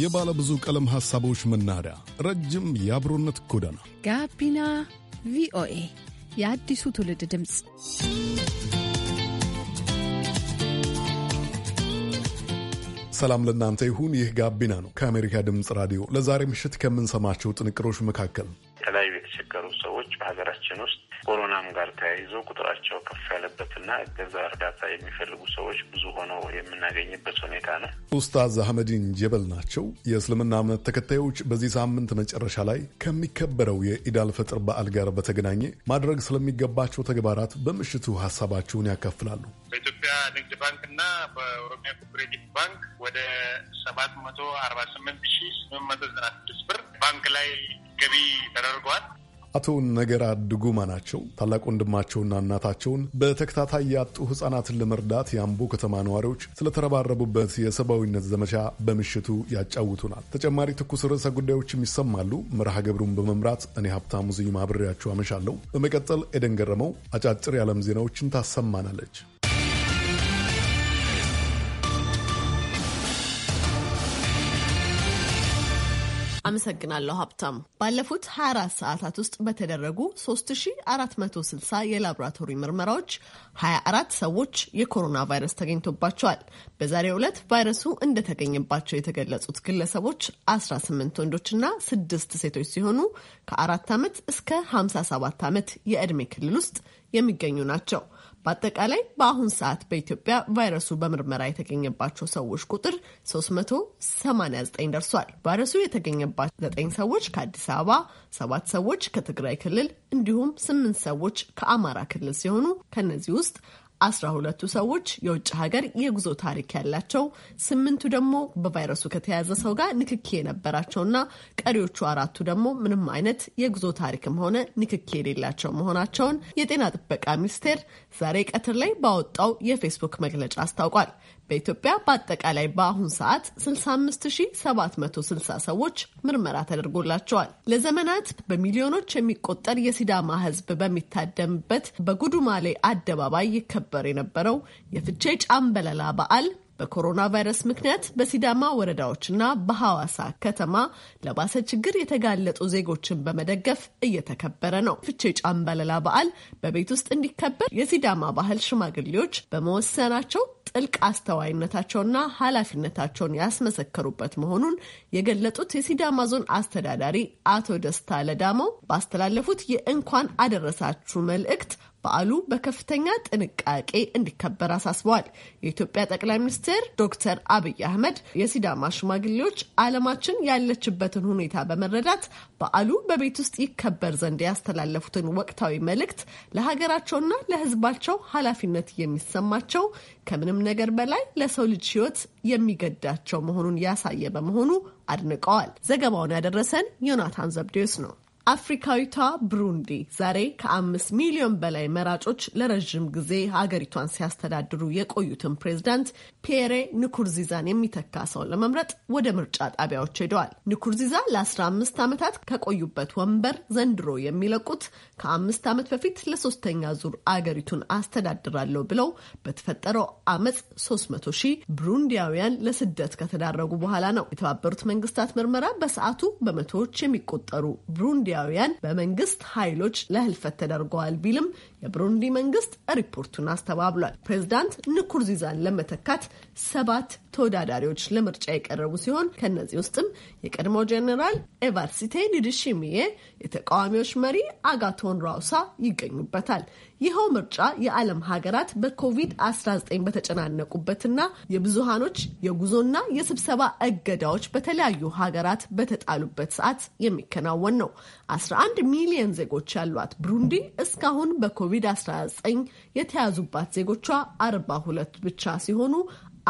የባለ ብዙ ቀለም ሐሳቦች መናኸሪያ፣ ረጅም የአብሮነት ጎዳና ጋቢና ቪኦኤ የአዲሱ ትውልድ ድምፅ። ሰላም ለእናንተ ይሁን። ይህ ጋቢና ነው ከአሜሪካ ድምፅ ራዲዮ። ለዛሬ ምሽት ከምንሰማቸው ጥንቅሮች መካከል የተለያዩ የተቸገሩ ሰዎች በሀገራችን ውስጥ ኮሮናም ጋር ተያይዞ ቁጥራቸው ከፍ ያለበትና እገዛ እርዳታ የሚፈልጉ ሰዎች ብዙ ሆነው የምናገኝበት ሁኔታ ነው። ኡስታዝ አህመዲን ጀበል ናቸው። የእስልምና እምነት ተከታዮች በዚህ ሳምንት መጨረሻ ላይ ከሚከበረው የኢዳል ፈጥር በዓል ጋር በተገናኘ ማድረግ ስለሚገባቸው ተግባራት በምሽቱ ሀሳባቸውን ያካፍላሉ። በኢትዮጵያ ንግድ ባንክ እና በኦሮሚያ ኮፐሬቲቭ ባንክ ወደ ሰባት መቶ አርባ ስምንት ሺ ስምንት መቶ ዘጠና ስድስት ብር ባንክ ላይ ገቢ ተደርጓል። አቶ ነገራ ድጉማ ናቸው። ታላቅ ወንድማቸውና እናታቸውን በተከታታይ ያጡ ሕጻናትን ለመርዳት የአምቦ ከተማ ነዋሪዎች ስለተረባረቡበት የሰብአዊነት ዘመቻ በምሽቱ ያጫውቱናል። ተጨማሪ ትኩስ ርዕሰ ጉዳዮችም ይሰማሉ። መርሃ ግብሩን በመምራት እኔ ሀብታሙ ዝዩ ማብሬያችሁ አመሻለሁ። በመቀጠል ኤደን ገረመው አጫጭር የዓለም ዜናዎችን ታሰማናለች። አመሰግናለሁ ሀብታም። ባለፉት 24 ሰዓታት ውስጥ በተደረጉ 3460 የላቦራቶሪ ምርመራዎች 24 ሰዎች የኮሮና ቫይረስ ተገኝቶባቸዋል። በዛሬው ዕለት ቫይረሱ እንደተገኘባቸው የተገለጹት ግለሰቦች 18 ወንዶችና 6 ሴቶች ሲሆኑ ከአራት ዓመት እስከ 57 ዓመት የዕድሜ ክልል ውስጥ የሚገኙ ናቸው። በአጠቃላይ በአሁን ሰዓት በኢትዮጵያ ቫይረሱ በምርመራ የተገኘባቸው ሰዎች ቁጥር 389 ደርሷል። ቫይረሱ የተገኘባቸው 9 ሰዎች ከአዲስ አበባ፣ 7 ሰዎች ከትግራይ ክልል እንዲሁም 8 ሰዎች ከአማራ ክልል ሲሆኑ ከእነዚህ ውስጥ አስራ ሁለቱ ሰዎች የውጭ ሀገር የጉዞ ታሪክ ያላቸው፣ ስምንቱ ደግሞ በቫይረሱ ከተያዘ ሰው ጋር ንክኪ የነበራቸውና ቀሪዎቹ አራቱ ደግሞ ምንም አይነት የጉዞ ታሪክም ሆነ ንክኪ የሌላቸው መሆናቸውን የጤና ጥበቃ ሚኒስቴር ዛሬ ቀትር ላይ ባወጣው የፌስቡክ መግለጫ አስታውቋል። በኢትዮጵያ በአጠቃላይ በአሁን ሰዓት 65760 ሰዎች ምርመራ ተደርጎላቸዋል። ለዘመናት በሚሊዮኖች የሚቆጠር የሲዳማ ሕዝብ በሚታደምበት በጉዱማሌ አደባባይ ይከበር የነበረው የፍቼ ጫምበለላ በዓል በኮሮና ቫይረስ ምክንያት በሲዳማ ወረዳዎችና በሐዋሳ ከተማ ለባሰ ችግር የተጋለጡ ዜጎችን በመደገፍ እየተከበረ ነው። ፍቼ ጫምበለላ በዓል በቤት ውስጥ እንዲከበር የሲዳማ ባህል ሽማግሌዎች በመወሰናቸው ጥልቅ አስተዋይነታቸውና ኃላፊነታቸውን ያስመሰከሩበት መሆኑን የገለጡት የሲዳማ ዞን አስተዳዳሪ አቶ ደስታ ለዳመው ባስተላለፉት የእንኳን አደረሳችሁ መልእክት በዓሉ በከፍተኛ ጥንቃቄ እንዲከበር አሳስበዋል። የኢትዮጵያ ጠቅላይ ሚኒስትር ዶክተር አብይ አህመድ የሲዳማ ሽማግሌዎች ዓለማችን ያለችበትን ሁኔታ በመረዳት በዓሉ በቤት ውስጥ ይከበር ዘንድ ያስተላለፉትን ወቅታዊ መልእክት ለሀገራቸውና ለሕዝባቸው ኃላፊነት የሚሰማቸው ከምንም ነገር በላይ ለሰው ልጅ ሕይወት የሚገዳቸው መሆኑን ያሳየ በመሆኑ አድንቀዋል። ዘገባውን ያደረሰን ዮናታን ዘብዴዎስ ነው። አፍሪካዊቷ ብሩንዲ ዛሬ ከአምስት ሚሊዮን በላይ መራጮች ለረዥም ጊዜ ሀገሪቷን ሲያስተዳድሩ የቆዩትን ፕሬዝዳንት ፒየሬ ንኩርዚዛን የሚተካ ሰው ለመምረጥ ወደ ምርጫ ጣቢያዎች ሄደዋል። ንኩርዚዛ ለ15 ዓመታት ከቆዩበት ወንበር ዘንድሮ የሚለቁት ከአምስት ዓመት በፊት ለሶስተኛ ዙር አገሪቱን አስተዳድራለሁ ብለው በተፈጠረው አመፅ 300 ሺህ ብሩንዲያውያን ለስደት ከተዳረጉ በኋላ ነው። የተባበሩት መንግስታት ምርመራ በሰዓቱ በመቶዎች የሚቆጠሩ ብሩንዲ ቡሩንዲያውያን በመንግስት ኃይሎች ለህልፈት ተደርገዋል ቢልም የብሩንዲ መንግስት ሪፖርቱን አስተባብሏል። ፕሬዚዳንት ንኩርዚዛን ለመተካት ሰባት ተወዳዳሪዎች ለምርጫ የቀረቡ ሲሆን ከእነዚህ ውስጥም የቀድሞው ጀኔራል ኤቫርሲቴ ኒድሺሚዬ፣ የተቃዋሚዎች መሪ አጋቶን ራውሳ ይገኙበታል። ይኸው ምርጫ የዓለም ሀገራት በኮቪድ-19 በተጨናነቁበትና የብዙሃኖች የጉዞና የስብሰባ እገዳዎች በተለያዩ ሀገራት በተጣሉበት ሰዓት የሚከናወን ነው። 11 ሚሊዮን ዜጎች ያሏት ብሩንዲ እስካሁን በኮቪድ-19 የተያዙባት ዜጎቿ 42 ብቻ ሲሆኑ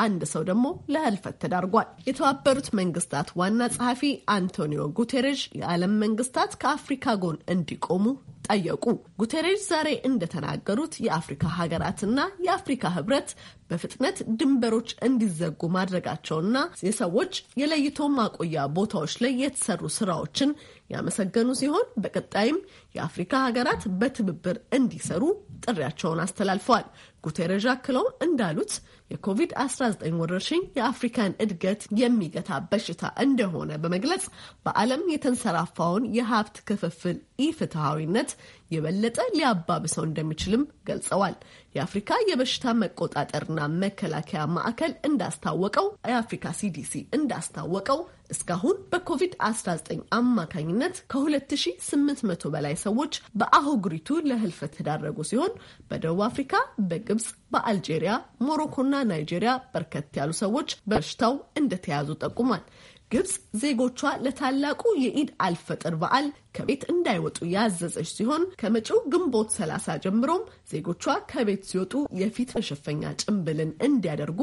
አንድ ሰው ደግሞ ለህልፈት ተዳርጓል። የተባበሩት መንግስታት ዋና ጸሐፊ አንቶኒዮ ጉቴሬዥ የዓለም መንግስታት ከአፍሪካ ጎን እንዲቆሙ ጠየቁ። ጉቴሬሽ ዛሬ እንደተናገሩት የአፍሪካ ሀገራትና የአፍሪካ ህብረት በፍጥነት ድንበሮች እንዲዘጉ ማድረጋቸውና የሰዎች የለይቶ ማቆያ ቦታዎች ላይ የተሰሩ ስራዎችን ያመሰገኑ ሲሆን በቀጣይም የአፍሪካ ሀገራት በትብብር እንዲሰሩ ጥሪያቸውን አስተላልፈዋል። ጉቴሬዥ አክለው እንዳሉት የኮቪድ-19 ወረርሽኝ የአፍሪካን እድገት የሚገታ በሽታ እንደሆነ በመግለጽ በዓለም የተንሰራፋውን የሀብት ክፍፍል ኢፍትሐዊነት የበለጠ ሊያባብሰው እንደሚችልም ገልጸዋል። የአፍሪካ የበሽታ መቆጣጠርና መከላከያ ማዕከል እንዳስታወቀው የአፍሪካ ሲዲሲ እንዳስታወቀው እስካሁን በኮቪድ-19 አማካኝነት ከ2800 በላይ ሰዎች በአህጉሪቱ ለህልፈት ተዳረጉ ሲሆን በደቡብ አፍሪካ፣ በግብፅ፣ በአልጄሪያ፣ ሞሮኮና ናይጄሪያ በርከት ያሉ ሰዎች በበሽታው እንደተያዙ ጠቁሟል። ግብጽ ዜጎቿ ለታላቁ የኢድ አልፈጥር በዓል ከቤት እንዳይወጡ ያዘዘች ሲሆን ከመጪው ግንቦት 30 ጀምሮም ዜጎቿ ከቤት ሲወጡ የፊት መሸፈኛ ጭንብልን እንዲያደርጉ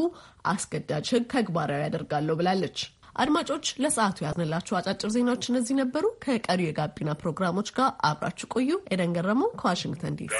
አስገዳጅ ሕግ ተግባራዊ ያደርጋለሁ ብላለች። አድማጮች፣ ለሰዓቱ ያዝንላችሁ አጫጭር ዜናዎች እነዚህ ነበሩ። ከቀሪ የጋቢና ፕሮግራሞች ጋር አብራችሁ ቆዩ። ኤደን ገረመው ከዋሽንግተን ዲሲ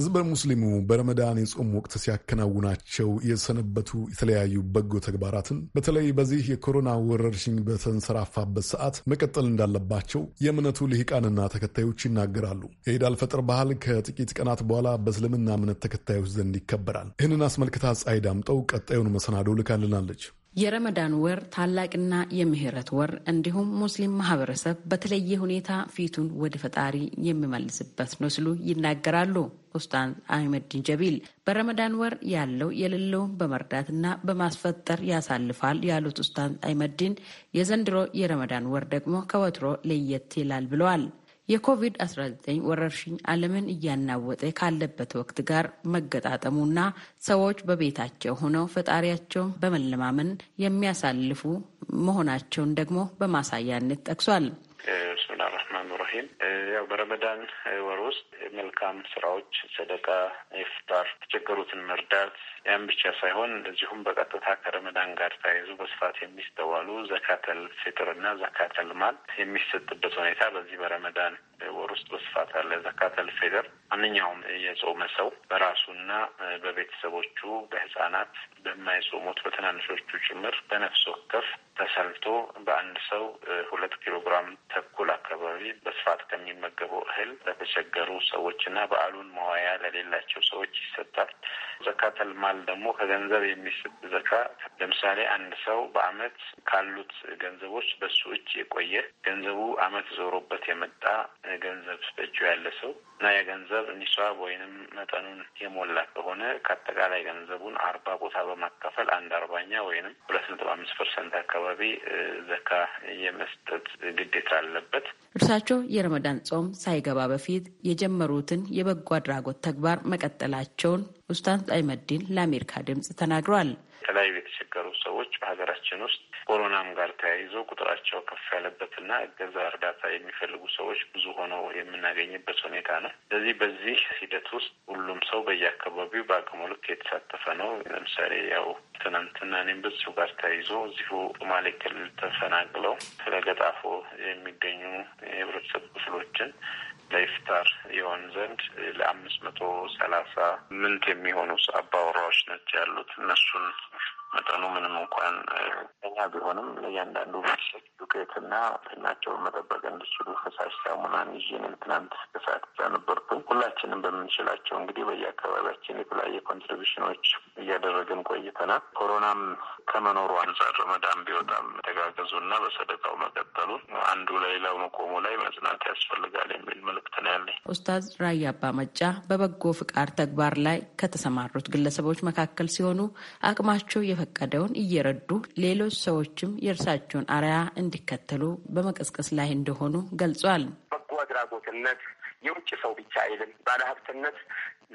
ህዝብ ሙስሊሙ በረመዳን የጾም ወቅት ሲያከናውናቸው የሰነበቱ የተለያዩ በጎ ተግባራትን በተለይ በዚህ የኮሮና ወረርሽኝ በተንሰራፋበት ሰዓት መቀጠል እንዳለባቸው የእምነቱ ልሂቃንና ተከታዮች ይናገራሉ። የኢድ አልፈጥር ባህል ከጥቂት ቀናት በኋላ በእስልምና እምነት ተከታዮች ዘንድ ይከበራል። ይህንን አስመልክታ ፀሐይ ዳምጠው ቀጣዩን መሰናዶ ልካልናለች። የረመዳን ወር ታላቅና የምህረት ወር እንዲሁም ሙስሊም ማህበረሰብ በተለየ ሁኔታ ፊቱን ወደ ፈጣሪ የሚመልስበት ነው ሲሉ ይናገራሉ ኡስታን አህመድን ጀቢል። በረመዳን ወር ያለው የሌለውን በመርዳትና በማስፈጠር ያሳልፋል ያሉት ኡስታን አህመዲን የዘንድሮ የረመዳን ወር ደግሞ ከወትሮ ለየት ይላል ብለዋል። የኮቪድ-19 ወረርሽኝ ዓለምን እያናወጠ ካለበት ወቅት ጋር መገጣጠሙና ሰዎች በቤታቸው ሆነው ፈጣሪያቸውን በመለማመን የሚያሳልፉ መሆናቸውን ደግሞ በማሳያነት ጠቅሷል። ረሂም። ያው በረመዳን ወር ውስጥ መልካም ስራዎች፣ ሰደቃ፣ ኢፍጣር፣ የተቸገሩትን መርዳት፣ ያን ብቻ ሳይሆን እንደዚሁም በቀጥታ ከረመዳን ጋር ተያይዞ በስፋት የሚስተዋሉ ዘካተል ፊጥርና ዘካተል ማል የሚሰጥበት ሁኔታ በዚህ በረመዳን ወር ውስጥ በስፋት አለ። ዘካተል ፊጥር ማንኛውም የጾመ ሰው በራሱና በቤተሰቦቹ በህጻናት፣ በማይጾሙት በትናንሾቹ ጭምር በነፍስ ወከፍ ተሰልቶ በአንድ ሰው ሁለት ኪሎግራም ተኩል አካባቢ በስፋት ከሚመገበው እህል ለተቸገሩ ሰዎችና በዓሉን መዋያ ለሌላቸው ሰዎች ይሰጣል። ዘካተል ማል ደግሞ ከገንዘብ የሚሰጥ ዘካ። ለምሳሌ አንድ ሰው በአመት ካሉት ገንዘቦች በሱ እጅ የቆየ ገንዘቡ አመት ዞሮበት የመጣ ገንዘብ በእጁ ያለ ሰው እና የገንዘብ ገንዘብ እንዲስዋብ ወይንም መጠኑን የሞላ ከሆነ ከአጠቃላይ ገንዘቡን አርባ ቦታ በማካፈል አንድ አርባኛ ወይንም ሁለት ነጥብ አምስት ፐርሰንት አካባቢ ዘካ የመስጠት ግዴታ አለበት። እርሳቸው የረመዳን ጾም ሳይገባ በፊት የጀመሩትን የበጎ አድራጎት ተግባር መቀጠላቸውን ኡስታዝ አይመዲን ለአሜሪካ ድምጽ ተናግረዋል። የተለያዩ የተቸገሩ ሰዎች በሀገራችን ውስጥ ኮሮናም ጋር ተያይዞ ቁጥራቸው ከፍ ያለበትና እገዛ እርዳታ የሚፈልጉ ሰዎች ብዙ ሆነው የምናገኝበት ሁኔታ ነው። ስለዚህ በዚህ ሂደት ውስጥ ሁሉም ሰው በየአካባቢው በአቅሙ ልክ የተሳተፈ ነው። ለምሳሌ ያው ትናንትና እኔም በሱ ጋር ተያይዞ እዚሁ ሶማሌ ክልል ተፈናቅለው ስለገጣፎ የሚገኙ የህብረተሰብ ክፍሎችን ለኢፍታር የሆን ዘንድ ለአምስት መቶ ሰላሳ ምንት የሚሆኑ አባወራዎች ነች ያሉት እነሱን መጠኑ ምንም እንኳን እኛ ቢሆንም ለእያንዳንዱ ብሽት ዱቄትና ጤናቸውን መጠበቅ እንዲችሉ ፈሳሽ ሳሙናን ይዤ ትናንት ከሰዓት እዛ ነበርኩኝ። ሁላችንም በምንችላቸው እንግዲህ በየአካባቢያችን የተለያየ ኮንትሪቢሽኖች እያደረግን ቆይተናል። ኮሮናም ከመኖሩ አንጻር ረመዳን ቢወጣም ተጋገዙና በሰደቃው መቀጠሉ አንዱ ለሌላው መቆሙ ላይ መጽናት ያስፈልጋል የሚል መልእክት ነው ያለኝ። ኡስታዝ ራያ አባ መጫ በበጎ ፍቃድ ተግባር ላይ ከተሰማሩት ግለሰቦች መካከል ሲሆኑ አቅማቸው የፈቀደውን እየረዱ ሌሎች ሰዎችም የእርሳቸውን አርያ እንዲከተሉ በመቀስቀስ ላይ እንደሆኑ ገልጿል። በጎ አድራጎትነት የውጭ ሰው ብቻ አይልም። ባለሀብትነት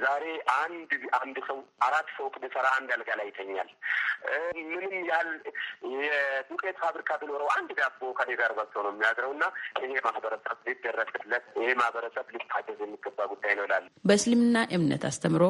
ዛሬ አንድ አንድ ሰው አራት ሰው ብሰራ አንድ አልጋ ላይ ይተኛል። ምንም ያህል የዱቄት ፋብሪካ ቢኖረው አንድ ዳቦ ከኔ ጋር በልቶ ነው የሚያድረው እና ይሄ ማህበረሰብ ሊደረስለት፣ ይሄ ማህበረሰብ ሊታገዝ የሚገባ ጉዳይ ነው ላለ በእስልምና እምነት አስተምሮ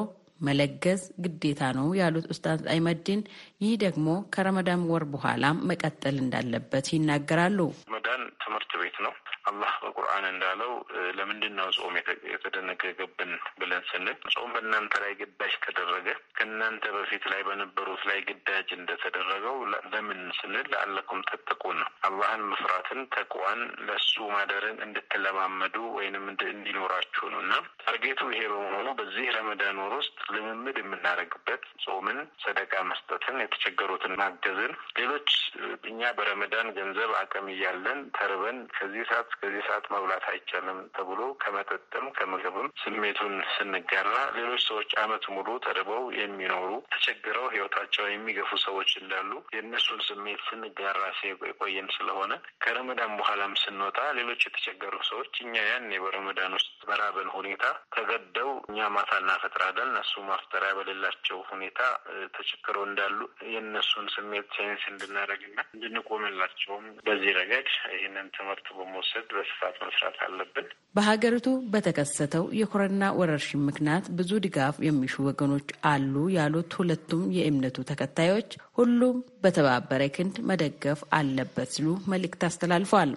መለገስ ግዴታ ነው ያሉት ኡስታዝ አይመዲን ይህ ደግሞ ከረመዳን ወር በኋላም መቀጠል እንዳለበት ይናገራሉ። ረመዳን ትምህርት ቤት ነው። አላህ በቁርአን እንዳለው ለምንድን ነው ጾም የተደነገገብን ብለን ስንል ጾም በእናንተ ላይ ግዳጅ ተደረገ ከእናንተ በፊት ላይ በነበሩት ላይ ግዳጅ እንደተደረገው ለምን ስንል ለአለኩም ተጠቁ ነው። አላህን መፍራትን ተቋን ለሱ ማደርን እንድትለማመዱ ወይንም እንዲኖራችሁ ነው እና ታርጌቱ ይሄ በመሆኑ በዚህ ረመዳን ወር ውስጥ ልምምድ የምናደርግበት ጾምን፣ ሰደቃ መስጠትን፣ የተቸገሩትን ማገዝን፣ ሌሎች እኛ በረመዳን ገንዘብ አቅም እያለን ተርበን ከዚህ ሰዓት እስከዚህ ሰዓት መብላት አይቻልም ተብሎ ከመጠጥም ከምግብም ስሜቱን ስንጋራ ሌሎች ሰዎች አመት ሙሉ ተርበው የሚኖሩ ተቸግረው ህይወታቸው የሚገፉ ሰዎች እንዳሉ የእነሱን ስሜት ስንጋራ የቆየን ስለሆነ ከረመዳን በኋላም ስንወጣ ሌሎች የተቸገሩ ሰዎች እኛ ያኔ በረመዳን ውስጥ በራበን ሁኔታ ተገደው እኛ ማሳ እናፈጥራለን እነሱ ማፍጠሪያ በሌላቸው ሁኔታ ተቸግረው እንዳሉ የእነሱን ስሜት ሳይንስ እንድናደርግና እንድንቆምላቸውም በዚህ ረገድ ይህንን ትምህርት በመውሰድ በስፋት መስራት አለብን። በሀገሪቱ በተከሰተው የኮረና ወረርሽኝ ምክንያት ብዙ ድጋፍ የሚሹ ወገኖች አሉ ያሉት ሁለቱም የእምነቱ ተከታዮች ሁሉም በተባበረ ክንድ መደገፍ አለበት ሲሉ መልእክት አስተላልፏል።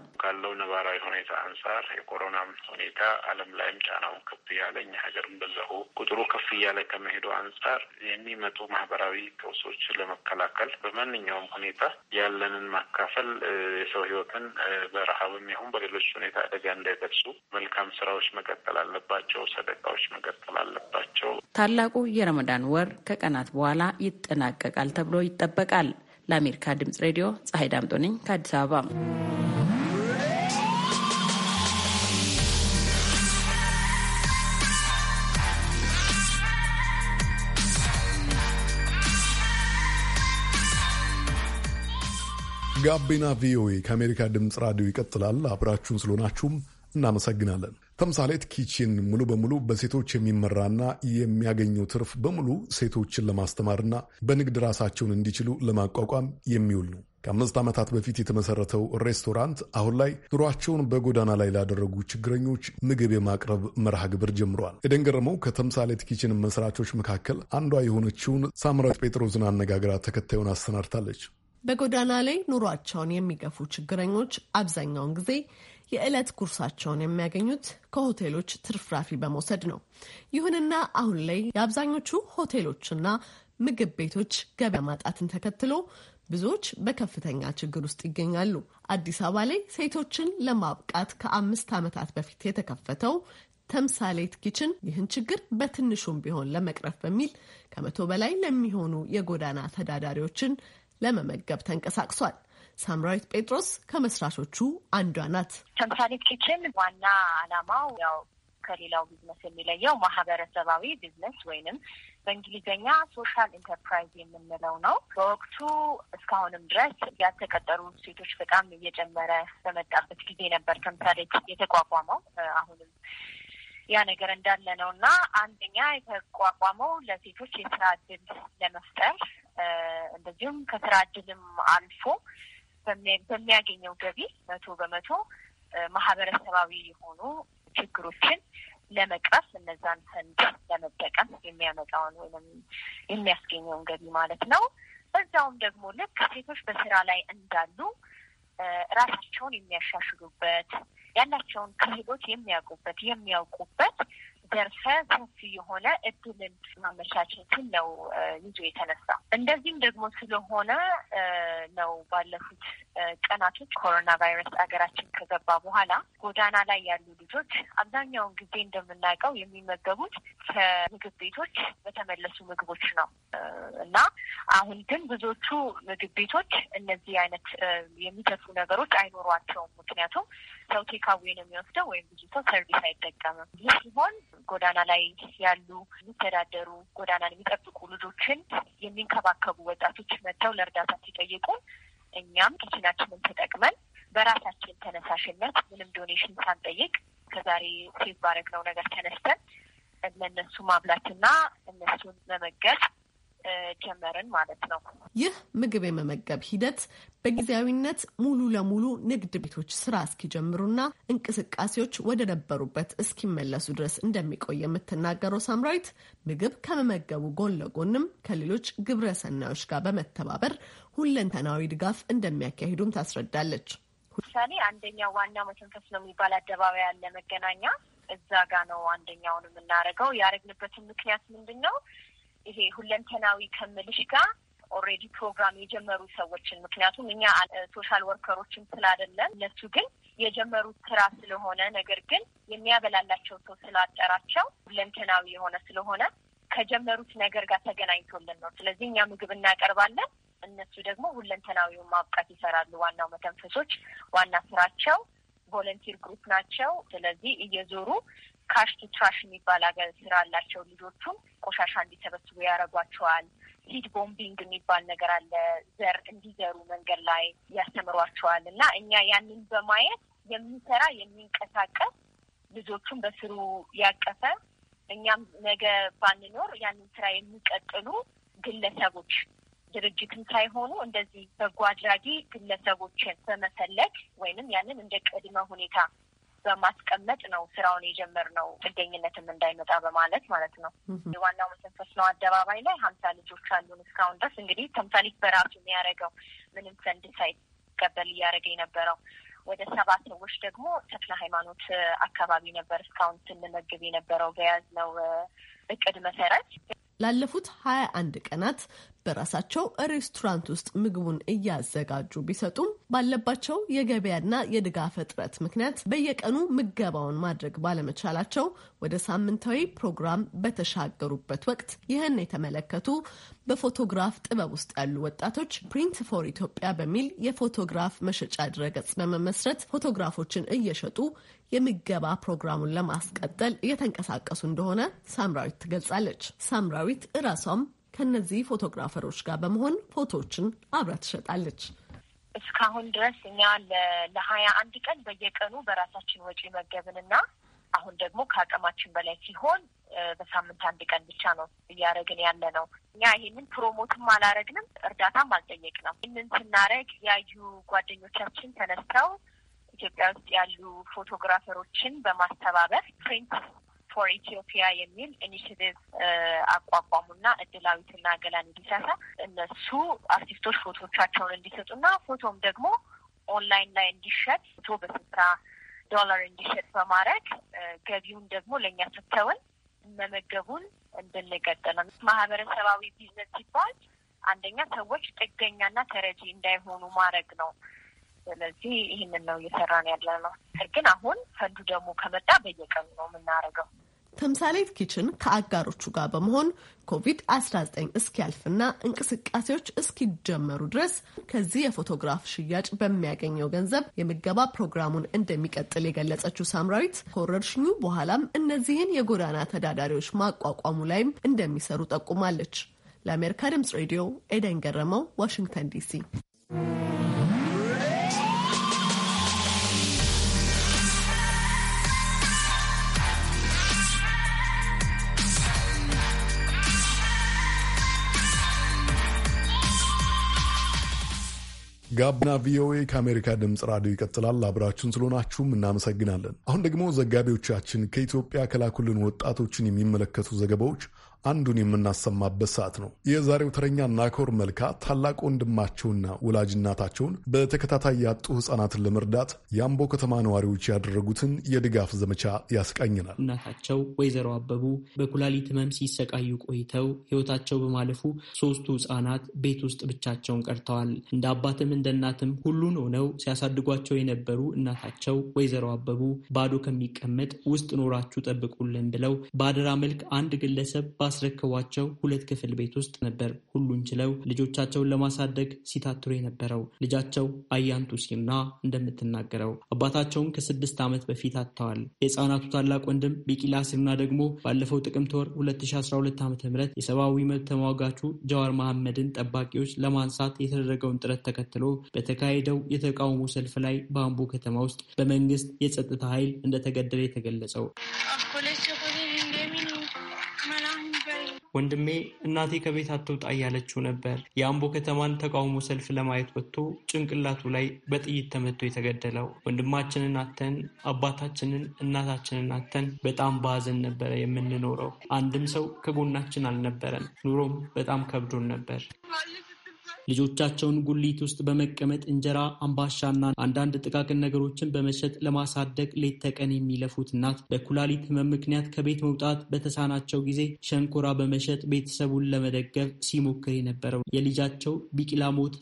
አንጻር የኮሮናም ሁኔታ ዓለም ላይም ጫናውን ከፍ እያለ እኛ ሀገርም በዛሁ ቁጥሩ ከፍ እያለ ከመሄዱ አንጻር የሚመጡ ማህበራዊ ቀውሶች ለመከላከል በማንኛውም ሁኔታ ያለንን ማካፈል የሰው ህይወትን በረሀብም ይሁን በሌሎች ሁኔታ አደጋ እንዳይደርሱ መልካም ስራዎች መቀጠል አለባቸው። ሰደቃዎች መቀጠል አለባቸው። ታላቁ የረመዳን ወር ከቀናት በኋላ ይጠናቀቃል ተብሎ ይጠበቃል። ለአሜሪካ ድምጽ ሬዲዮ ፀሐይ ዳምጦ ነኝ ከአዲስ አበባ። ጋቢና ቪኦኤ ከአሜሪካ ድምፅ ራዲዮ ይቀጥላል። አብራችሁን ስለሆናችሁም እናመሰግናለን። ተምሳሌት ኪችን ሙሉ በሙሉ በሴቶች የሚመራና የሚያገኘው ትርፍ በሙሉ ሴቶችን ለማስተማርና በንግድ ራሳቸውን እንዲችሉ ለማቋቋም የሚውል ነው። ከአምስት ዓመታት በፊት የተመሠረተው ሬስቶራንት አሁን ላይ ኑሯቸውን በጎዳና ላይ ላደረጉ ችግረኞች ምግብ የማቅረብ መርሃ ግብር ጀምሯል። የደንገረመው ከተምሳሌት ኪችን መስራቾች መካከል አንዷ የሆነችውን ሳምረት ጴጥሮስን አነጋግራ ተከታዩን አሰናድታለች። በጎዳና ላይ ኑሯቸውን የሚገፉ ችግረኞች አብዛኛውን ጊዜ የዕለት ጉርሳቸውን የሚያገኙት ከሆቴሎች ትርፍራፊ በመውሰድ ነው። ይሁንና አሁን ላይ የአብዛኞቹ ሆቴሎችና ምግብ ቤቶች ገበያ ማጣትን ተከትሎ ብዙዎች በከፍተኛ ችግር ውስጥ ይገኛሉ። አዲስ አበባ ላይ ሴቶችን ለማብቃት ከአምስት ዓመታት በፊት የተከፈተው ተምሳሌት ኪችን ይህን ችግር በትንሹም ቢሆን ለመቅረፍ በሚል ከመቶ በላይ ለሚሆኑ የጎዳና ተዳዳሪዎችን ለመመገብ ተንቀሳቅሷል። ሳምራዊት ጴጥሮስ ከመስራቾቹ አንዷ ናት። ተምሳሌት ኪችን ዋና አላማው ያው ከሌላው ቢዝነስ የሚለየው ማህበረሰባዊ ቢዝነስ ወይንም በእንግሊዝኛ ሶሻል ኢንተርፕራይዝ የምንለው ነው። በወቅቱ እስካሁንም ድረስ ያልተቀጠሩ ሴቶች በጣም እየጨመረ በመጣበት ጊዜ ነበር ተምሳሌት የተቋቋመው። አሁንም ያ ነገር እንዳለ ነው እና አንደኛ የተቋቋመው ለሴቶች የስራ እድል ለመፍጠር እንደዚሁም ከስራ እድልም አልፎ በሚያገኘው ገቢ መቶ በመቶ ማህበረሰባዊ የሆኑ ችግሮችን ለመቅረፍ እነዛን ፈንድ ለመጠቀም የሚያመጣውን ወይም የሚያስገኘውን ገቢ ማለት ነው። በዛውም ደግሞ ልክ ሴቶች በስራ ላይ እንዳሉ ራሳቸውን የሚያሻሽሉበት ያላቸውን ክህሎት የሚያውቁበት የሚያውቁበት ደርሰ ሰፊ የሆነ እድልን ማመቻቸትን ነው ይዞ የተነሳው። እንደዚህም ደግሞ ስለሆነ ነው ባለፉት ቀናቶች ኮሮና ቫይረስ ሀገራችን ከገባ በኋላ ጎዳና ላይ ያሉ ልጆች አብዛኛውን ጊዜ እንደምናውቀው የሚመገቡት ከምግብ ቤቶች በተመለሱ ምግቦች ነው እና አሁን ግን ብዙዎቹ ምግብ ቤቶች እነዚህ አይነት የሚተፉ ነገሮች አይኖሯቸውም። ምክንያቱም ሰው ቴካዌ ነው የሚወስደው ወይም ብዙ ሰው ሰርቪስ አይጠቀምም። ይህ ሲሆን ጎዳና ላይ ያሉ የሚተዳደሩ ጎዳናን የሚጠብቁ ልጆችን የሚንከባከቡ ወጣቶች መጥተው ለእርዳታ ሲጠይቁን እኛም ኪችናችንን ተጠቅመን በራሳችን ተነሳሽነት ምንም ዶኔሽን ሳንጠይቅ ከዛሬ ሴቭ ባረግነው ነገር ተነስተን ለእነሱ ማብላትና እነሱን መመገብ ጀመርን ማለት ነው። ይህ ምግብ የመመገብ ሂደት በጊዜያዊነት ሙሉ ለሙሉ ንግድ ቤቶች ስራ እስኪጀምሩና እንቅስቃሴዎች ወደ ነበሩበት እስኪመለሱ ድረስ እንደሚቆይ የምትናገረው ሳምራዊት ምግብ ከመመገቡ ጎን ለጎንም ከሌሎች ግብረ ሰናዮች ጋር በመተባበር ሁለንተናዊ ድጋፍ እንደሚያካሂዱም ታስረዳለች። ምሳሌ አንደኛው ዋና መተንፈስ ነው የሚባል አደባባይ ያለ መገናኛ እዛ ጋ ነው አንደኛውን የምናደርገው። ያደረግንበትን ምክንያት ምንድን ነው? ይሄ ሁለንተናዊ ከምልሽ ጋር ኦሬዲ ፕሮግራም የጀመሩ ሰዎችን ምክንያቱም እኛ ሶሻል ወርከሮችን ስላደለን እነሱ ግን የጀመሩት ስራ ስለሆነ ነገር ግን የሚያበላላቸው ሰው ስላጠራቸው ሁለንተናዊ የሆነ ስለሆነ ከጀመሩት ነገር ጋር ተገናኝቶልን ነው። ስለዚህ እኛ ምግብ እናቀርባለን፣ እነሱ ደግሞ ሁለንተናዊውን ማብቃት ይሰራሉ። ዋናው መተንፈሶች ዋና ስራቸው ቮለንቲር ግሩፕ ናቸው። ስለዚህ እየዞሩ ካሽ ቱ ትራሽ የሚባል ሀገር ስራ አላቸው። ልጆቹም ቆሻሻ እንዲሰበስቡ ያደርጓቸዋል። ሲድ ቦምቢንግ የሚባል ነገር አለ። ዘር እንዲዘሩ መንገድ ላይ ያስተምሯቸዋል። እና እኛ ያንን በማየት የሚሰራ የሚንቀሳቀስ ልጆቹን በስሩ ያቀፈ እኛም ነገ ባንኖር ያንን ስራ የሚቀጥሉ ግለሰቦች ድርጅትም ሳይሆኑ እንደዚህ በጎ አድራጊ ግለሰቦችን በመፈለግ ወይንም ያንን እንደ ቅድመ ሁኔታ በማስቀመጥ ነው ስራውን የጀመርነው። ጥገኝነትም እንዳይመጣ በማለት ማለት ነው። የዋናው መተንፈስ ነው አደባባይ ላይ ሀምሳ ልጆች አሉን እስካሁን ድረስ እንግዲህ ተምሳሌት በራሱ የሚያደርገው ምንም ፈንድ ሳይቀበል እያደረገ የነበረው ወደ ሰባት ሰዎች ደግሞ ተክለ ሃይማኖት አካባቢ ነበር እስካሁን ስንመግብ የነበረው በያዝነው እቅድ መሰረት ላለፉት ሀያ አንድ ቀናት በራሳቸው ሬስቶራንት ውስጥ ምግቡን እያዘጋጁ ቢሰጡም ባለባቸው የገበያና የድጋፍ እጥረት ምክንያት በየቀኑ ምገባውን ማድረግ ባለመቻላቸው ወደ ሳምንታዊ ፕሮግራም በተሻገሩበት ወቅት ይህን የተመለከቱ በፎቶግራፍ ጥበብ ውስጥ ያሉ ወጣቶች ፕሪንት ፎር ኢትዮጵያ በሚል የፎቶግራፍ መሸጫ ድረገጽ በመመስረት ፎቶግራፎችን እየሸጡ የምገባ ፕሮግራሙን ለማስቀጠል እየተንቀሳቀሱ እንደሆነ ሳምራዊት ትገልጻለች። ሳምራዊት እራሷም ከነዚህ ፎቶግራፈሮች ጋር በመሆን ፎቶዎችን አብራ ትሸጣለች። እስካሁን ድረስ እኛ ለሀያ አንድ ቀን በየቀኑ በራሳችን ወጪ መገብንና አሁን ደግሞ ከአቅማችን በላይ ሲሆን በሳምንት አንድ ቀን ብቻ ነው እያደረግን ያለ ነው። እኛ ይህንን ፕሮሞትም አላረግንም፣ እርዳታም አልጠየቅንም። ይህንን ስናረግ ያዩ ጓደኞቻችን ተነስተው ኢትዮጵያ ውስጥ ያሉ ፎቶግራፈሮችን በማስተባበር ፕሪንት ፎር ኢትዮጵያ የሚል ኢኒሽቲቭ uh, አቋቋሙና እድላዊትና ገላን እንዲሰራ እነሱ አርቲስቶች ፎቶቻቸውን እንዲሰጡና ፎቶም ደግሞ ኦንላይን ላይ እንዲሸጥ ፎቶ በስልሳ ዶላር እንዲሸጥ በማድረግ uh, ገቢውን ደግሞ ለእኛ ስተውን መመገቡን እንድንቀጥል ነው። ማህበረሰባዊ ቢዝነስ ሲባል አንደኛ ሰዎች ጥገኛና ተረጂ እንዳይሆኑ ማድረግ ነው። ስለዚህ ይህንን ነው እየሰራን ያለ ነው። ግን አሁን ፈንዱ ደግሞ ከመጣ በየቀኑ ነው የምናደርገው። ተምሳሌት ኪችን ከአጋሮቹ ጋር በመሆን ኮቪድ-19 እስኪያልፍና እንቅስቃሴዎች እስኪጀመሩ ድረስ ከዚህ የፎቶግራፍ ሽያጭ በሚያገኘው ገንዘብ የምገባ ፕሮግራሙን እንደሚቀጥል የገለጸችው ሳምራዊት ከወረርሽኙ በኋላም እነዚህን የጎዳና ተዳዳሪዎች ማቋቋሙ ላይም እንደሚሰሩ ጠቁማለች። ለአሜሪካ ድምጽ ሬዲዮ ኤደን ገረመው፣ ዋሽንግተን ዲሲ። ጋብና ቪኦኤ ከአሜሪካ ድምፅ ራዲዮ ይቀጥላል። አብራችሁን ስለሆናችሁም እናመሰግናለን። አሁን ደግሞ ዘጋቢዎቻችን ከኢትዮጵያ ከላኩልን ወጣቶችን የሚመለከቱ ዘገባዎች አንዱን የምናሰማበት ሰዓት ነው። የዛሬው ተረኛ ናኮር መልካ ታላቅ ወንድማቸውና ወላጅ እናታቸውን በተከታታይ ያጡ ህጻናትን ለመርዳት የአምቦ ከተማ ነዋሪዎች ያደረጉትን የድጋፍ ዘመቻ ያስቃኝናል። እናታቸው ወይዘሮ አበቡ በኩላሊት ህመም ሲሰቃዩ ቆይተው ህይወታቸው በማለፉ ሶስቱ ህጻናት ቤት ውስጥ ብቻቸውን ቀርተዋል። እንደ አባትም እንደ እናትም ሁሉን ሆነው ሲያሳድጓቸው የነበሩ እናታቸው ወይዘሮ አበቡ ባዶ ከሚቀመጥ ውስጥ ኖራችሁ ጠብቁልን ብለው በአደራ መልክ አንድ ግለሰብ ባስረከቧቸው ሁለት ክፍል ቤት ውስጥ ነበር ሁሉን ችለው ልጆቻቸውን ለማሳደግ ሲታትሩ የነበረው። ልጃቸው አያንቱ ሲና እንደምትናገረው አባታቸውን ከስድስት ዓመት በፊት አጥተዋል። የህፃናቱ ታላቅ ወንድም ቢቂላ ሲና ደግሞ ባለፈው ጥቅምት ወር 2012 ዓ ም የሰብአዊ መብት ተሟጋቹ ጀዋር መሐመድን ጠባቂዎች ለማንሳት የተደረገውን ጥረት ተከትሎ በተካሄደው የተቃውሞ ሰልፍ ላይ በአምቦ ከተማ ውስጥ በመንግስት የጸጥታ ኃይል እንደተገደለ የተገለጸው ወንድሜ እናቴ ከቤት አትውጣ እያለችው ነበር። የአምቦ ከተማን ተቃውሞ ሰልፍ ለማየት ወጥቶ ጭንቅላቱ ላይ በጥይት ተመቶ የተገደለው። ወንድማችንን አተን፣ አባታችንን፣ እናታችንን አተን በጣም በሀዘን ነበረ የምንኖረው። አንድም ሰው ከጎናችን አልነበረም። ኑሮም በጣም ከብዶን ነበር። ልጆቻቸውን ጉሊት ውስጥ በመቀመጥ እንጀራ፣ አምባሻና አንዳንድ ጥቃቅን ነገሮችን በመሸጥ ለማሳደግ ሌት ተቀን የሚለፉት እናት በኩላሊት ህመም ምክንያት ከቤት መውጣት በተሳናቸው ጊዜ ሸንኮራ በመሸጥ ቤተሰቡን ለመደገፍ ሲሞክር የነበረው የልጃቸው ቢቂላ ሞት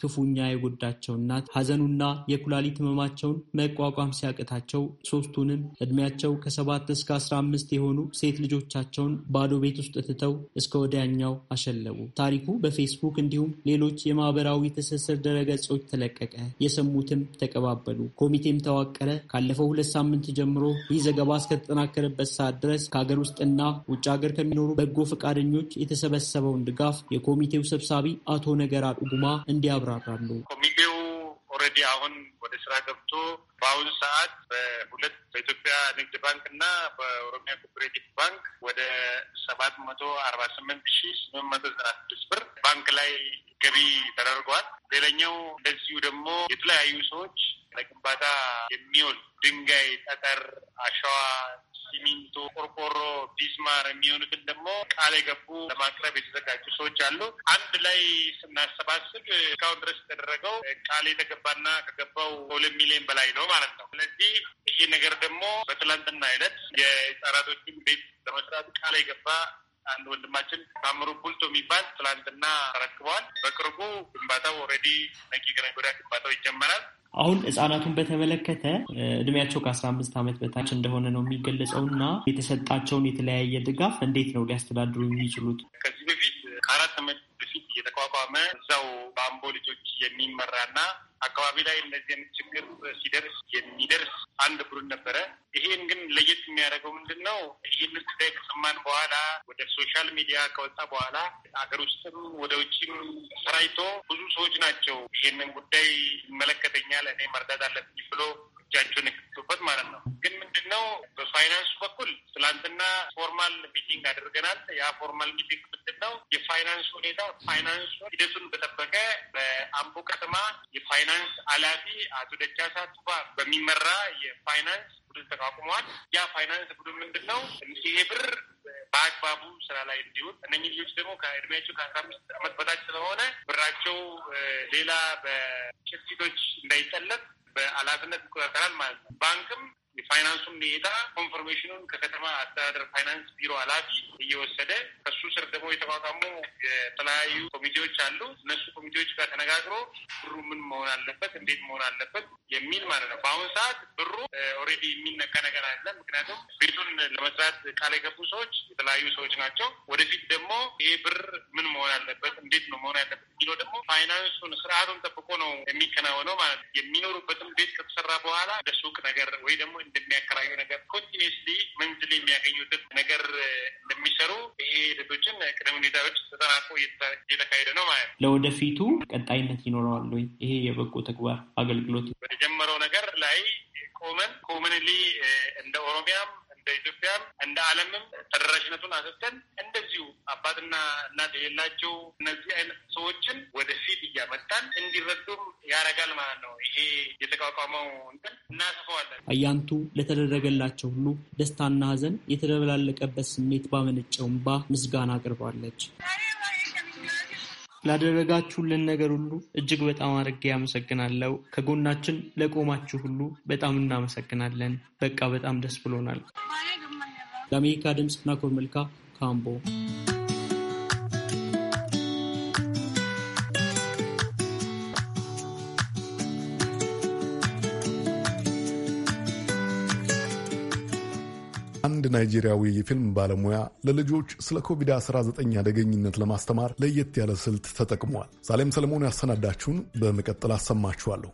ክፉኛ የጎዳቸው እናት ሀዘኑና የኩላሊት ህመማቸውን መቋቋም ሲያቅታቸው ሶስቱንም እድሜያቸው ከሰባት እስከ አስራ አምስት የሆኑ ሴት ልጆቻቸውን ባዶ ቤት ውስጥ ትተው እስከ ወዲያኛው አሸለቡ። ታሪኩ በፌስቡክ እንዲሁም ሌሎች የማህበራዊ ትስስር ድረገጾች ተለቀቀ። የሰሙትም ተቀባበሉ። ኮሚቴም ተዋቀረ። ካለፈው ሁለት ሳምንት ጀምሮ ይህ ዘገባ እስከተጠናከረበት ሰዓት ድረስ ከሀገር ውስጥና ውጭ ሀገር ከሚኖሩ በጎ ፈቃደኞች የተሰበሰበውን ድጋፍ የኮሚቴው ሰብሳቢ አቶ ነገራ ጉማ እንዲያብራራሉ። ኮሚቴው ኦልሬዲ አሁን ወደ ስራ ገብቶ በአሁኑ ሰዓት በሁለት በኢትዮጵያ ንግድ ባንክ እና በኦሮሚያ ኮፐሬቲቭ ባንክ ወደ ሰባት መቶ አርባ ስምንት ሺ ስምንት መቶ ዘጠና ስድስት ብር ባንክ ላይ ገቢ ተደርጓል። ሌላኛው እንደዚሁ ደግሞ የተለያዩ ሰዎች ለግንባታ የሚውል ድንጋይ፣ ጠጠር፣ አሸዋ ሲሚንቶ፣ ቆርቆሮ፣ ቢስማር የሚሆኑትን ደግሞ ቃል የገቡ ለማቅረብ የተዘጋጁ ሰዎች አሉ። አንድ ላይ ስናሰባስብ እስካሁን ድረስ የተደረገው ቃል የተገባና ከገባው ሁለት ሚሊዮን በላይ ነው ማለት ነው። ስለዚህ ይህ ነገር ደግሞ በትላንትና ዕለት የህጻናቶችን ቤት ለመስራት ቃል የገባ አንድ ወንድማችን ታምሩ ቡልቶ የሚባል ትላንትና ተረክበዋል። በቅርቡ ግንባታው ኦልሬዲ ነቂ ከነገ ግንባታው ይጀመራል። አሁን ህጻናቱን በተመለከተ እድሜያቸው ከአስራ አምስት ዓመት በታች እንደሆነ ነው የሚገለጸው እና የተሰጣቸውን የተለያየ ድጋፍ እንዴት ነው ሊያስተዳድሩ የሚችሉት? ከዚህ በፊት ከአራት ዓመት በፊት የተቋቋመ እዛው በአምቦ ልጆች የሚመራና አካባቢ ላይ እነዚህን ችግር ሲደርስ የሚደርስ አንድ ቡድን ነበረ። ይሄን ግን ለየት የሚያደርገው ምንድን ነው? ይህን ጉዳይ ከሰማን በኋላ ወደ ሶሻል ሚዲያ ከወጣ በኋላ ሀገር ውስጥም ወደ ውጭም ሰራይቶ ብዙ ሰዎች ናቸው ይሄንን ጉዳይ ይመለከተኛል፣ እኔ መርዳት አለብኝ ብሎ እጃቸውን የክትሉበት ማለት ነው። ግን ምንድነው በፋይናንስ በኩል ትላንትና ፎርማል ሚቲንግ አድርገናል። ያ ፎርማል ሚቲንግ ምንድነው የፋይናንስ ሁኔታ ፋይናንሱ ሂደቱን በጠበቀ በአምቦ ከተማ የፋይናንስ ኃላፊ አቶ ደቻሳ ቱባ በሚመራ የፋይናንስ ቡድን ተቋቁመዋል። ያ ፋይናንስ ቡድን ምንድን ነው ይሄ ብር በአግባቡ ስራ ላይ እንዲሁን እነኚህ ልጆች ደግሞ ከእድሜያቸው ከአስራ አምስት ዓመት በታች ስለሆነ ብራቸው ሌላ በችርሲቶች እንዳይጠለፍ በአላፍነት ይቆጣጠራል ማለት ነው። ባንክም የፋይናንሱን ሁኔታ ኮንፎርሜሽኑን ከከተማ አስተዳደር ፋይናንስ ቢሮ ኃላፊ እየወሰደ ከሱ ስር ደግሞ የተቋቋሙ የተለያዩ ኮሚቴዎች አሉ። እነሱ ኮሚቴዎች ጋር ተነጋግሮ ብሩ ምን መሆን አለበት፣ እንዴት መሆን አለበት የሚል ማለት ነው። በአሁኑ ሰዓት ብሩ ኦልሬዲ የሚነካ ነገር አለ። ምክንያቱም ቤቱን ለመስራት ቃል የገቡ ሰዎች የተለያዩ ሰዎች ናቸው። ወደፊት ደግሞ ይሄ ብር ምን መሆን አለበት፣ እንዴት ነው መሆን ያለበት የሚለው ደግሞ ፋይናንሱን ስርዓቱን ጠብቆ ነው የሚከናወነው ማለት ነው። የሚኖሩበትም ቤት ከተሰራ በኋላ እንደ ሱቅ ነገር ወይ ደግሞ እንደሚያከራዩ ነገር ኮንቲኒስሊ መንግስት የሚያገኙትን ነገር እንደሚ የሚሰሩ ይሄ ሂደቶችን ቅድም ሁኔታዎች ተጠናቅቆ እየተካሄደ ነው ማለት ነው። ለወደፊቱ ቀጣይነት ይኖረዋል ወይ? ይሄ የበጎ ተግባር አገልግሎት በተጀመረው ነገር ላይ ቆመን ኮመንሊ እንደ ኦሮሚያም በኢትዮጵያም እንደ ዓለምም ተደራሽነቱን አሰብተን እንደዚሁ አባትና እናት የሌላቸው እነዚህ አይነት ሰዎችን ወደፊት እያመጣን እንዲረዱም ያደርጋል ማለት ነው። ይሄ የተቋቋመው እንትን እናስፈዋለን። አያንቱ ለተደረገላቸው ሁሉ ደስታና ሐዘን የተደበላለቀበት ስሜት ባመነጨው ምስጋና አቅርባለች። ላደረጋችሁልን ነገር ሁሉ እጅግ በጣም አድርጌ አመሰግናለሁ። ከጎናችን ለቆማችሁ ሁሉ በጣም እናመሰግናለን። በቃ በጣም ደስ ብሎናል። ለአሜሪካ ድምፅ ናኮር መልካ ካምቦ ናይጄሪያዊ የፊልም ባለሙያ ለልጆች ስለ ኮቪድ-19 አደገኝነት ለማስተማር ለየት ያለ ስልት ተጠቅመዋል። ሳሌም ሰለሞን ያሰናዳችሁን በመቀጠል አሰማችኋለሁ።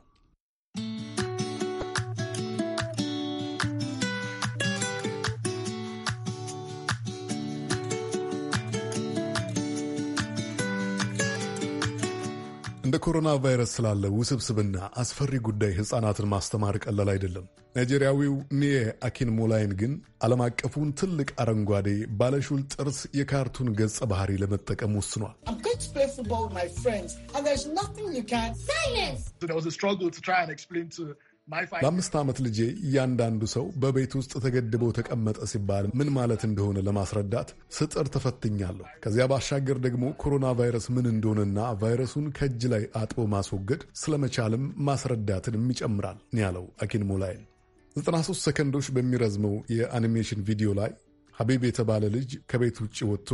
እንደ ኮሮና ቫይረስ ስላለ ውስብስብና አስፈሪ ጉዳይ ሕፃናትን ማስተማር ቀላል አይደለም። ናይጄሪያዊው ኒየ አኪን ሞላይን ግን ዓለም አቀፉን ትልቅ አረንጓዴ ባለሹል ጥርስ የካርቱን ገጸ ባህሪ ለመጠቀም ወስኗል። በአምስት ዓመት ልጄ እያንዳንዱ ሰው በቤት ውስጥ ተገድበው ተቀመጠ ሲባል ምን ማለት እንደሆነ ለማስረዳት ስጥር ተፈትኛለሁ። ከዚያ ባሻገር ደግሞ ኮሮና ቫይረስ ምን እንደሆነና ቫይረሱን ከእጅ ላይ አጥቦ ማስወገድ ስለመቻልም ማስረዳትን ይጨምራል ያለው አኪን ሞላይል 93 ሰከንዶች በሚረዝመው የአኒሜሽን ቪዲዮ ላይ ሀቢብ የተባለ ልጅ ከቤት ውጭ ወጥቶ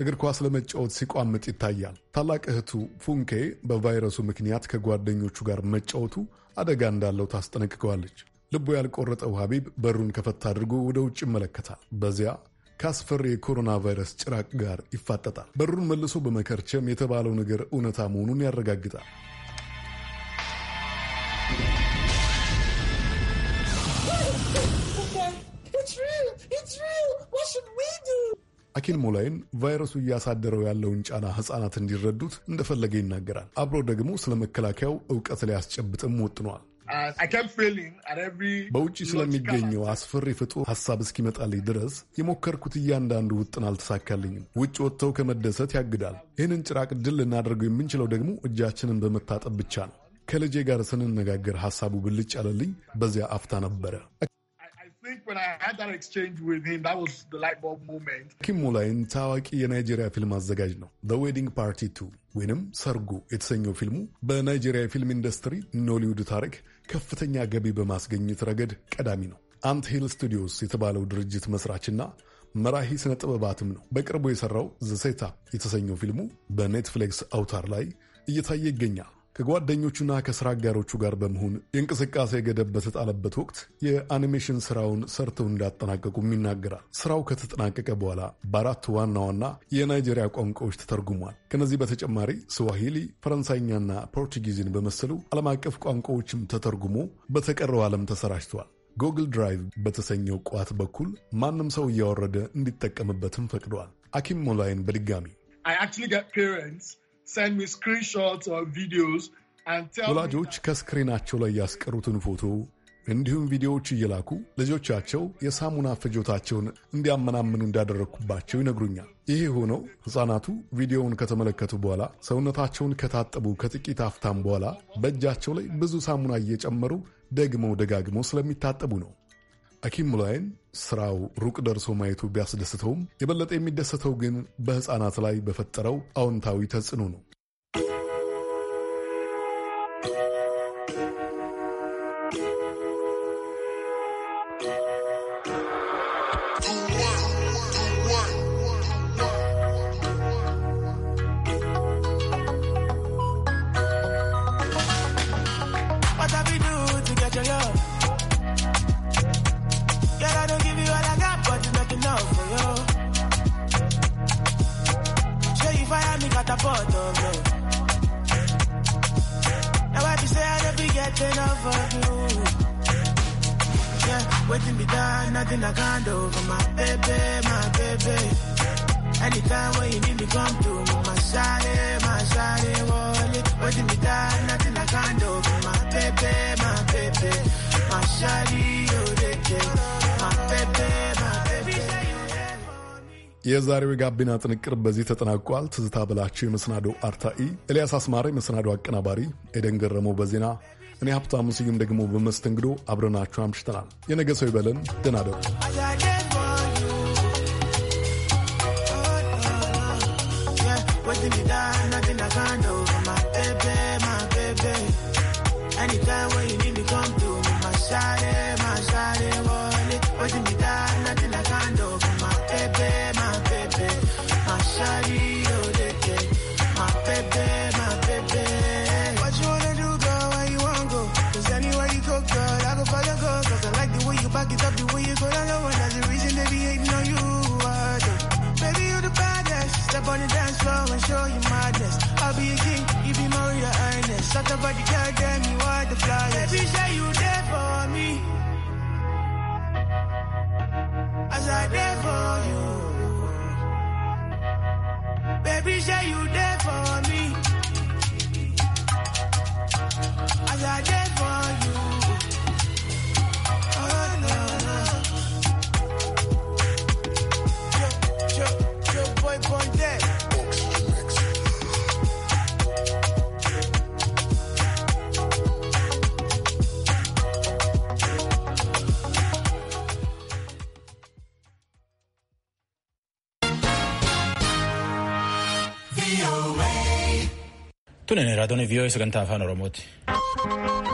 እግር ኳስ ለመጫወት ሲቋምጥ ይታያል። ታላቅ እህቱ ፉንኬ በቫይረሱ ምክንያት ከጓደኞቹ ጋር መጫወቱ አደጋ እንዳለው ታስጠነቅቀዋለች። ልቡ ያልቆረጠው ሀቢብ በሩን ከፈት አድርጎ ወደ ውጭ ይመለከታል። በዚያ ከአስፈሪ የኮሮና ቫይረስ ጭራቅ ጋር ይፋጠጣል። በሩን መልሶ በመከርቸም የተባለው ነገር እውነታ መሆኑን ያረጋግጣል። አኪል ሞላይን ቫይረሱ እያሳደረው ያለውን ጫና ህጻናት እንዲረዱት እንደፈለገ ይናገራል። አብሮ ደግሞ ስለ መከላከያው እውቀት ሊያስጨብጥም ወጥኗል። በውጭ ስለሚገኘው አስፈሪ ፍጡር ሀሳብ እስኪመጣልኝ ድረስ የሞከርኩት እያንዳንዱ ውጥን አልተሳካልኝም። ውጭ ወጥተው ከመደሰት ያግዳል። ይህንን ጭራቅ ድል ልናደርገው የምንችለው ደግሞ እጃችንን በመታጠብ ብቻ ነው። ከልጄ ጋር ስንነጋገር ሀሳቡ ብልጭ ያለልኝ በዚያ አፍታ ነበረ ኪም ሙላይን ታዋቂ የናይጄሪያ ፊልም አዘጋጅ ነው። ዘ ዌዲንግ ፓርቲ ቱ ወይንም ሰርጉ የተሰኘው ፊልሙ በናይጄሪያ የፊልም ኢንዱስትሪ ኖሊውድ ታሪክ ከፍተኛ ገቢ በማስገኘት ረገድ ቀዳሚ ነው። አንት ሂል ስቱዲዮስ የተባለው ድርጅት መስራችና መራሂ ስነ ጥበባትም ነው። በቅርቡ የሰራው ዘሴታ የተሰኘው ፊልሙ በኔትፍሊክስ አውታር ላይ እየታየ ይገኛል። ከጓደኞቹና ከስራ አጋሮቹ ጋር በመሆን የእንቅስቃሴ ገደብ በተጣለበት ወቅት የአኒሜሽን ስራውን ሰርተው እንዳጠናቀቁም ይናገራል። ስራው ከተጠናቀቀ በኋላ በአራት ዋና ዋና የናይጄሪያ ቋንቋዎች ተተርጉሟል። ከነዚህ በተጨማሪ ስዋሂሊ፣ ፈረንሳይኛና ፖርቱጊዝን በመሰሉ ዓለም አቀፍ ቋንቋዎችም ተተርጉሞ በተቀረው ዓለም ተሰራጭቷል። ጉግል ድራይቭ በተሰኘው ቋት በኩል ማንም ሰው እያወረደ እንዲጠቀምበትም ፈቅደዋል። አኪም ሞላይን በድጋሚ ወላጆች ከስክሪናቸው ላይ ያስቀሩትን ፎቶ እንዲሁም ቪዲዮዎች እየላኩ ልጆቻቸው የሳሙና ፍጆታቸውን እንዲያመናምኑ እንዳደረግኩባቸው ይነግሩኛል። ይህ ሆነው ሕፃናቱ ቪዲዮውን ከተመለከቱ በኋላ ሰውነታቸውን ከታጠቡ ከጥቂት አፍታም በኋላ በእጃቸው ላይ ብዙ ሳሙና እየጨመሩ ደግመው ደጋግመው ስለሚታጠቡ ነው። አኪም ሙላይን ስራው ሩቅ ደርሶ ማየቱ ቢያስደስተውም የበለጠ የሚደሰተው ግን በሕፃናት ላይ በፈጠረው አዎንታዊ ተጽዕኖ ነው። የዛሬው የጋቢና ጥንቅር በዚህ ተጠናቋል። ትዝታ በላቸው የመሰናዶ አርታኢ፣ ኤልያስ አስማሪ የመሰናዶ አቀናባሪ፣ ኤደን ገረመው በዜና እኔ ሀብታሙ ስዩም ደግሞ በመስተንግዶ አብረናችሁ አምሽተናል። የነገ ሰው ይበለን። ደህና on the dance floor and show you my best. I'll be a king, you be Maria Ernest. Shut up, but you can't get me why the flyers. Baby, say you there for me. As I there for you. Baby, say you there for me. As I there for you. Tuni raadiyoo taafaan Oromooti.